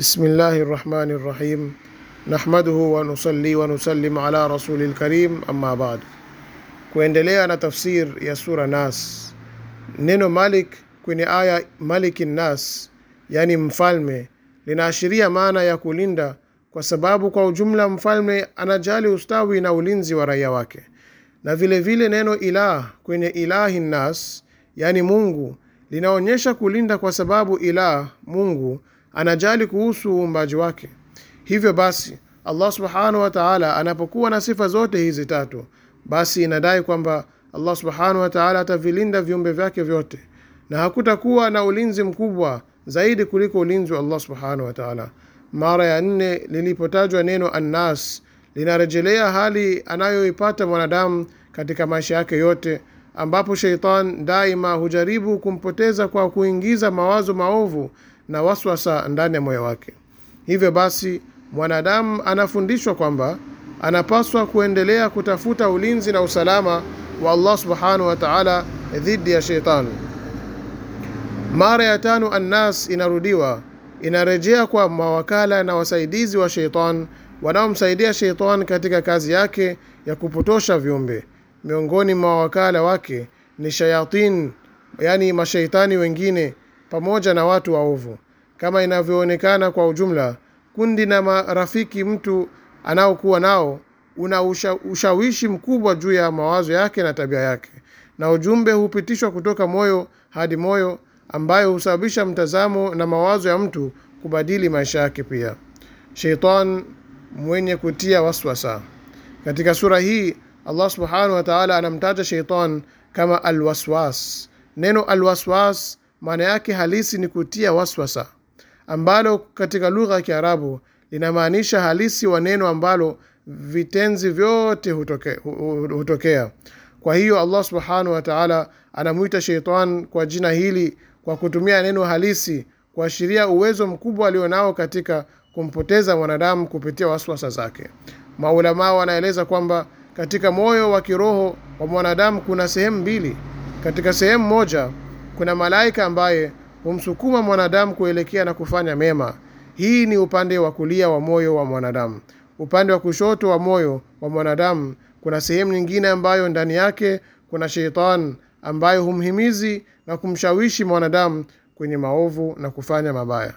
بسم الله الرحمن الرحيم نحمده ونصلي ونسلم على رسول الكريم أما بعد kuendelea na tafsir ya sura Nas. Neno Malik kwenye aya Malikin Nas, yani mfalme, linaashiria maana ya kulinda, kwa sababu kwa ujumla mfalme anajali ustawi na ulinzi wa raia wake. Na vile vile neno ilah kwenye ilahi nas, yani Mungu, linaonyesha kulinda, kwa sababu ilah Mungu anajali kuhusu uumbaji wake hivyo basi allah subhanahu wa taala anapokuwa na sifa zote hizi tatu basi inadai kwamba allah subhanahu wa taala atavilinda viumbe vyake vyote na hakutakuwa na ulinzi mkubwa zaidi kuliko ulinzi wa allah subhanahu wa taala. mara ya nne lilipotajwa neno annas linarejelea hali anayoipata mwanadamu katika maisha yake yote ambapo sheitan daima hujaribu kumpoteza kwa kuingiza mawazo maovu na waswasa ndani ya moyo wake hivyo basi mwanadamu anafundishwa kwamba anapaswa kuendelea kutafuta ulinzi na usalama wa Allah subhanahu wa ta'ala dhidi ya shetani mara ya tano annas inarudiwa inarejea kwa mawakala na wasaidizi wa sheitan wanaomsaidia sheitan katika kazi yake ya kupotosha viumbe miongoni mwa wakala wake ni shayatin yani mashaitani wengine pamoja na watu waovu kama inavyoonekana kwa ujumla kundi na marafiki mtu anaokuwa nao una usha, ushawishi mkubwa juu ya mawazo yake na tabia yake na ujumbe hupitishwa kutoka moyo hadi moyo ambayo husababisha mtazamo na mawazo ya mtu kubadili maisha yake pia sheitan mwenye kutia waswasa katika sura hii Allah subhanahu wataala anamtaja sheitan kama alwaswas neno alwaswas maana yake halisi ni kutia waswasa ambalo katika lugha ya Kiarabu linamaanisha halisi wa neno ambalo vitenzi vyote hutokea, hutokea. Kwa hiyo Allah subhanahu wa taala anamwita sheitan kwa jina hili kwa kutumia neno halisi kuashiria uwezo mkubwa alionao katika kumpoteza mwanadamu kupitia waswasa zake. Maulamaa wanaeleza kwamba katika moyo wa kiroho wa mwanadamu kuna sehemu mbili. Katika sehemu moja kuna malaika ambaye humsukuma mwanadamu kuelekea na kufanya mema. Hii ni upande wa kulia wa moyo wa mwanadamu. Upande wa kushoto wa moyo wa mwanadamu kuna sehemu nyingine ambayo ndani yake kuna sheitani ambayo humhimizi na kumshawishi mwanadamu kwenye maovu na kufanya mabaya.